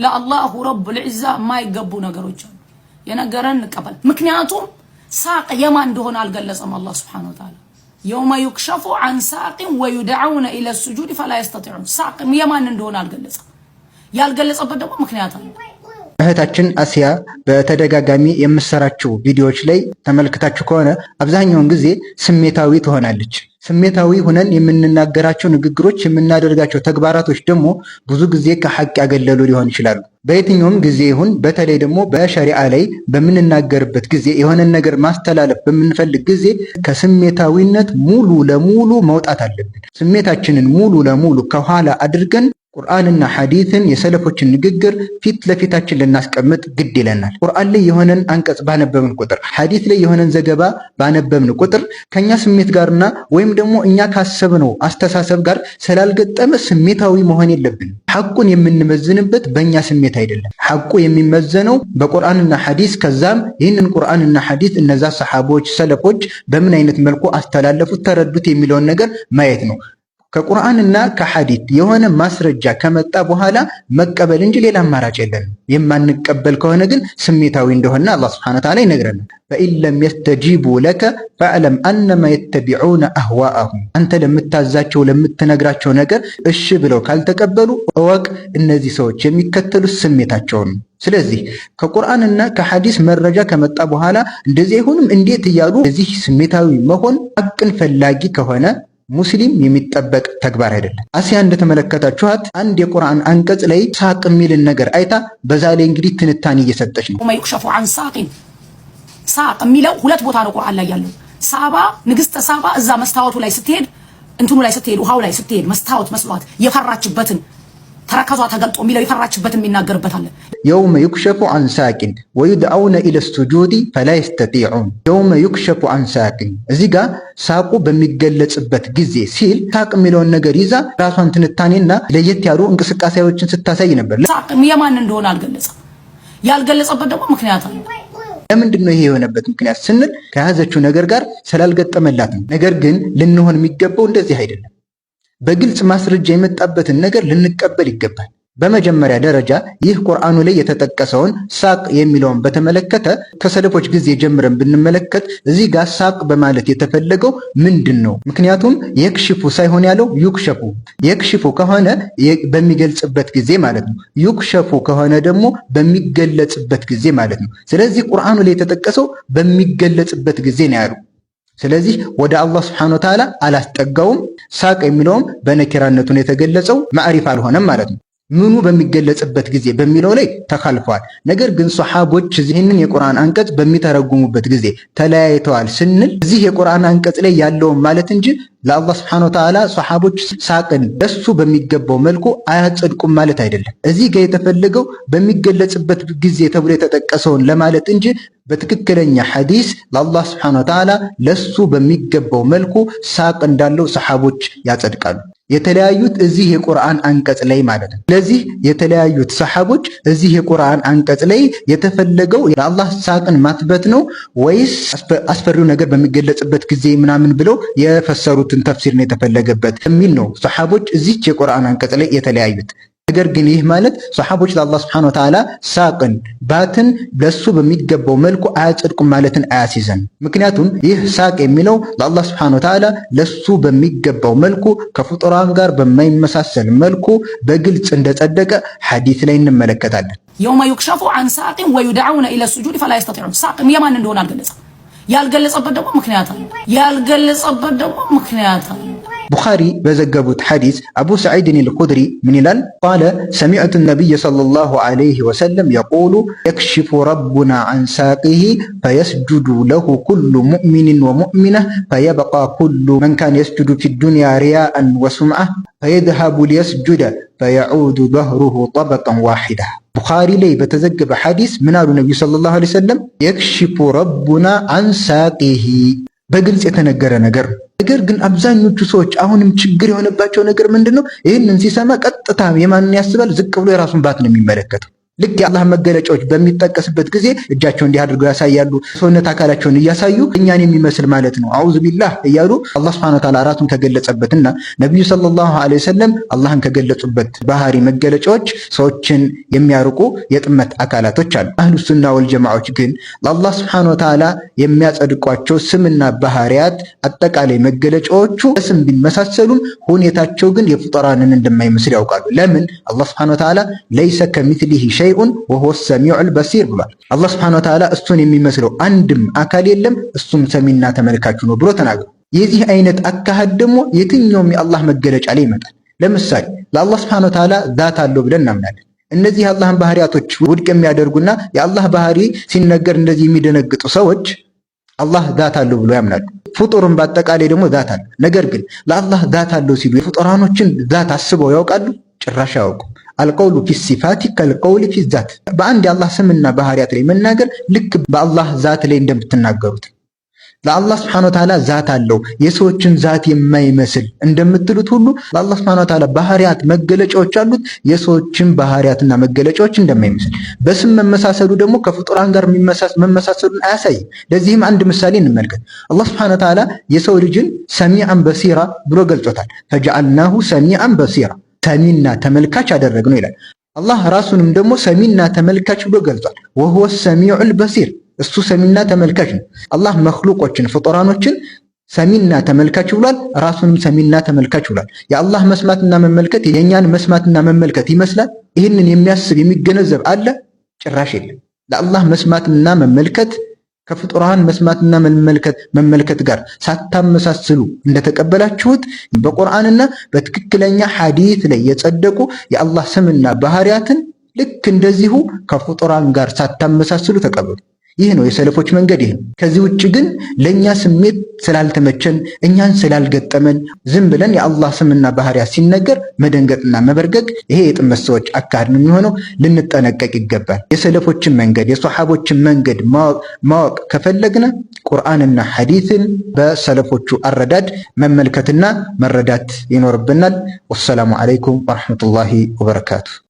ለአላሁ ረቡል ዒዛ የማይገቡ ነገሮች አሉ። የነገረን እንቀበል። ምክንያቱም ሳቅ የማን እንደሆነ አልገለጸም። አላህ ስብሓነሁ ወተዓላ የውመ ዩክሸፉ አን ሳቅን ወዩድዐውነ ኢለ ሱጁድ ፈላ የስተጢዑን ሳቅ የማን እንደሆነ አልገለጸም። ያልገለጸበት ደግሞ ምክንያት አለ። እህታችን አሲያ በተደጋጋሚ የምትሰራቸው ቪዲዮዎች ላይ ተመልክታችሁ ከሆነ አብዛኛውን ጊዜ ስሜታዊ ትሆናለች። ስሜታዊ ሆነን የምንናገራቸው ንግግሮች፣ የምናደርጋቸው ተግባራቶች ደግሞ ብዙ ጊዜ ከሐቅ ያገለሉ ሊሆን ይችላሉ። በየትኛውም ጊዜ ይሁን በተለይ ደግሞ በሸሪዓ ላይ በምንናገርበት ጊዜ የሆነን ነገር ማስተላለፍ በምንፈልግ ጊዜ ከስሜታዊነት ሙሉ ለሙሉ መውጣት አለብን። ስሜታችንን ሙሉ ለሙሉ ከኋላ አድርገን ቁርአንና ሐዲትን የሰለፎችን ንግግር ፊት ለፊታችን ልናስቀምጥ ግድ ይለናል። ቁርአን ላይ የሆነን አንቀጽ ባነበብን ቁጥር፣ ሐዲት ላይ የሆነን ዘገባ ባነበብን ቁጥር ከኛ ስሜት ጋርና ወይም ደግሞ እኛ ካሰብነው አስተሳሰብ ጋር ስላልገጠመ ስሜታዊ መሆን የለብንም። ሐቁን የምንመዝንበት በእኛ ስሜት አይደለም። ሐቁ የሚመዘነው በቁርአንና ሐዲስ ከዛም ይህንን ቁርአንና ሐዲስ እነዛ ሰሐቦች ሰለፎች በምን አይነት መልኩ አስተላለፉት፣ ተረዱት የሚለውን ነገር ማየት ነው። ከቁርአንና ከሐዲት የሆነ ማስረጃ ከመጣ በኋላ መቀበል እንጂ ሌላ አማራጭ የለም። የማንቀበል ከሆነ ግን ስሜታዊ እንደሆነ አላህ ሱብሓነሁ ወተዓላ ይነግረናል። ፈኢን ለም የስተጂቡ ለከ ፈዕለም አነማ የተቢዑነ አህዋአሁም። አንተ ለምታዛቸው ለምትነግራቸው ነገር እሺ ብለው ካልተቀበሉ እወቅ፣ እነዚህ ሰዎች የሚከተሉት ስሜታቸውን ነው። ስለዚህ ከቁርአንና ከሐዲስ መረጃ ከመጣ በኋላ እንደዚህ አይሆንም እንዴት እያሉ እዚህ ስሜታዊ መሆን አቅን ፈላጊ ከሆነ ሙስሊም የሚጠበቅ ተግባር አይደለም። አሲያ እንደተመለከታችኋት አንድ የቁርአን አንቀጽ ላይ ሳቅ የሚልን ነገር አይታ በዛ ላይ እንግዲህ ትንታኔ እየሰጠች ነው። ዩክሸፉ አን ሳቂን ሳቅ የሚለው ሁለት ቦታ ነው ቁርአን ላይ ያለው። ሳባ ንግስተ ሳባ እዛ መስታወቱ ላይ ስትሄድ እንትኑ ላይ ስትሄድ ውሃው ላይ ስትሄድ መስታወት መስሏት የፈራችበትን ተረከዟ ተገልጦ የሚለው የፈራችበት የሚናገርበት አለ። የውመ ዩክሸፉ አን ሳቂን ወዩድአውነ ኢለ ሱጁድ ፈላ የስተጢዑን። የውመ ዩክሸፉ አን ሳቂን እዚህ ጋር ሳቁ በሚገለጽበት ጊዜ ሲል ሳቅ የሚለውን ነገር ይዛ ራሷን ትንታኔና ለየት ያሉ እንቅስቃሴዎችን ስታሳይ ነበር። ሳቅ የማን እንደሆነ አልገለጸም። ያልገለጸበት ደግሞ ምክንያት አለ። ለምንድን ነው ይሄ የሆነበት ምክንያት ስንል ከያዘችው ነገር ጋር ስላልገጠመላት ነው። ነገር ግን ልንሆን የሚገባው እንደዚህ አይደለም። በግልጽ ማስረጃ የመጣበትን ነገር ልንቀበል ይገባል። በመጀመሪያ ደረጃ ይህ ቁርአኑ ላይ የተጠቀሰውን ሳቅ የሚለውን በተመለከተ ከሰለፎች ጊዜ ጀምረን ብንመለከት እዚህ ጋር ሳቅ በማለት የተፈለገው ምንድን ነው? ምክንያቱም የክሽፉ ሳይሆን ያለው ዩክሸፉ። የክሽፉ ከሆነ በሚገልጽበት ጊዜ ማለት ነው። ዩክሸፉ ከሆነ ደግሞ በሚገለጽበት ጊዜ ማለት ነው። ስለዚህ ቁርአኑ ላይ የተጠቀሰው በሚገለጽበት ጊዜ ነው ያሉ ስለዚህ ወደ አላህ ስብሐነ ወተዓላ አላስጠጋውም። ሳቅ የሚለውም በነኪራነቱ የተገለጸው፣ ማዕሪፍ አልሆነም ማለት ነው። ምኑ በሚገለጽበት ጊዜ በሚለው ላይ ተካልፈዋል። ነገር ግን ሰሓቦች ይህንን የቁርአን አንቀጽ በሚተረጉሙበት ጊዜ ተለያይተዋል ስንል እዚህ የቁርአን አንቀጽ ላይ ያለውን ማለት እንጂ ለአላህ ስብሐነ ወተዓላ ሰሓቦች ሳቅን ለሱ በሚገባው መልኩ አያጸድቁም ማለት አይደለም። እዚህ ጋር የተፈለገው በሚገለጽበት ጊዜ ተብሎ የተጠቀሰውን ለማለት እንጂ በትክክለኛ ሐዲስ ለአላህ ስብሐነ ወተዓላ ለሱ በሚገባው መልኩ ሳቅ እንዳለው ሰሓቦች ያጸድቃሉ። የተለያዩት እዚህ የቁርአን አንቀጽ ላይ ማለት ነው። ስለዚህ የተለያዩት ሰሐቦች እዚህ የቁርአን አንቀጽ ላይ የተፈለገው የአላህ ሳቅን ማትበት ነው ወይስ አስፈሪው ነገር በሚገለጽበት ጊዜ ምናምን ብለው የፈሰሩትን ተፍሲር ነው የተፈለገበት የሚል ነው። ሰሃቦች እዚች የቁርአን አንቀጽ ላይ የተለያዩት ነገር ግን ይህ ማለት ሰሓቦች ለአላህ ስብሐነ ወተዓላ ሳቅን ባትን ለሱ በሚገባው መልኩ አያጸድቁም ማለትን አያስይዘን። ምክንያቱም ይህ ሳቅ የሚለው ለአላህ ስብሐነ ወተዓላ ለሱ በሚገባው መልኩ ከፍጡራን ጋር በማይመሳሰል መልኩ በግልጽ እንደጸደቀ ሐዲት ላይ እንመለከታለን። የውመ ዩክሸፉ አን ሳቅን ወዩድዐውነ ኢለ ሱጁድ ፈላ የስተጢዑን። ሳቅም የማን እንደሆነ አልገለጸም። ያልገለጸበት ደግሞ ምክንያት ያልገለጸበት ደግሞ ምክንያት بخاري بزقب حديث أبو سعيد الخدري من لل قال سمعت النبي صلى الله عليه وسلم يقول يكشف ربنا عن ساقه فيسجد له كل مؤمن ومؤمنة فيبقى كل من كان يسجد في الدنيا رياء وسمعة فيذهب ليسجد فيعود ظهره طبقا واحدة بخاري لي بتزقب حديث من النبي صلى الله عليه وسلم يكشف ربنا عن ساقه በግልጽ የተነገረ ነገር ነገር ግን አብዛኞቹ ሰዎች አሁንም ችግር የሆነባቸው ነገር ምንድን ነው? ይህንን ሲሰማ ቀጥታ የማንን ያስባል? ዝቅ ብሎ የራሱን ባት ነው የሚመለከተው። ልክ የአላህ መገለጫዎች በሚጠቀስበት ጊዜ እጃቸው እንዲህ አድርገው ያሳያሉ። ሰውነት አካላቸውን እያሳዩ እኛን የሚመስል ማለት ነው። አዑዝ ቢላህ እያሉ አላህ ስብሐነ ወተዓላ አራቱን ከገለጸበትና ነቢዩ ሰለላሁ ዐለይሂ ወሰለም አላህን ከገለጹበት ባህሪ መገለጫዎች ሰዎችን የሚያርቁ የጥመት አካላቶች አሉ። አህሉ ሱና ወልጀማዎች ግን ለአላህ ስብሐነ ወተዓላ የሚያጸድቋቸው ስምና ባህሪያት አጠቃላይ መገለጫዎቹ ስም ቢመሳሰሉም ሁኔታቸው ግን የፍጡራንን እንደማይመስል ያውቃሉ። ለምን? አላህ ስብሐነ ወተዓላ ለይሰ ከሚትሊሂ ሸይኡን ወሆ ሰሚዑል በሲር ብሏል። አላህ ስብሐነ ወተዓላ እሱን የሚመስለው አንድም አካል የለም እሱም ሰሚና ተመልካች ነው ብሎ ተናግሯል። የዚህ አይነት አካሄድ ደግሞ የትኛውም የአላህ መገለጫ ላይ ይመጣል። ለምሳሌ ለአላህ ስብሐነ ወተዓላ ዛት አለው ብለን እናምናለን። እነዚህ የአላህን ባህሪያቶች ውድቅ የሚያደርጉና የአላህ ባህሪ ሲነገር እንደዚህ የሚደነግጡ ሰዎች አላህ ዛት አለው ብሎ ያምናሉ። ፍጡርን በአጠቃላይ ደግሞ ዛት አለው። ነገር ግን ለአላህ ዛት አለው ሲሉ የፍጡራኖችን ዛት አስበው ያውቃሉ? ጭራሽ አያውቁም። አልቀውሉ ፊ ሲፋት ከልቀውል ፊ ዛት፣ በአንድ የአላህ ስምና ባህሪያት ላይ መናገር ልክ በአላህ ዛት ላይ እንደምትናገሩት ለአላህ ስብሐነ ወተዓላ ዛት አለው የሰዎችን ዛት የማይመስል እንደምትሉት ሁሉ ለአላህ ስብሐነ ወተዓላ ባህሪያት መገለጫዎች አሉት የሰዎችን ባህሪያትና መገለጫዎች እንደማይመስል። በስም መመሳሰሉ ደግሞ ከፍጡራን ጋር መመሳሰሉን አያሳይም። ለዚህም አንድ ምሳሌ እንመልከት። አላህ ስብሐነ ወተዓላ የሰው ልጅን ሰሚዐን በሲራ ብሎ ገልጾታል። ፈጀዓልናሁ ሰሚዐን በሲራ ሰሚና ተመልካች አደረግነው ይላል። አላህ ራሱንም ደግሞ ሰሚና ተመልካች ብሎ ገልጿል። ወህወ ሰሚዑል በሲር እሱ ሰሚና ተመልካች ነው። አላህ መክሉቆችን ፍጡራኖችን ሰሚና ተመልካች ብሏል። ራሱንም ሰሚና ተመልካች ብሏል። የአላህ መስማትና መመልከት የእኛን መስማትና መመልከት ይመስላል። ይህንን የሚያስብ የሚገነዘብ አለ? ጭራሽ የለም። ለአላህ መስማትና መመልከት ከፍጡራን መስማትና መመልከት ጋር ሳታመሳስሉ እንደተቀበላችሁት በቁርአንና በትክክለኛ ሐዲት ላይ የጸደቁ የአላህ ስምና ባህሪያትን ልክ እንደዚሁ ከፍጡራን ጋር ሳታመሳስሉ ተቀበሉ። ይህ ነው የሰለፎች መንገድ። ይህ ነው። ከዚህ ውጭ ግን ለእኛ ስሜት ስላልተመቸን እኛን ስላልገጠመን ዝም ብለን የአላህ ስምና ባህሪያ ሲነገር መደንገጥና መበርገግ ይሄ የጥመት ሰዎች አካሄድ ነው የሚሆነው። ልንጠነቀቅ ይገባል። የሰለፎችን መንገድ የሶሓቦችን መንገድ ማወቅ ከፈለግነ ቁርአንና ሐዲትን በሰለፎቹ አረዳድ መመልከትና መረዳት ይኖርብናል። ወሰላሙ ዓለይኩም ወረሕመቱላሂ ወበረካቱ።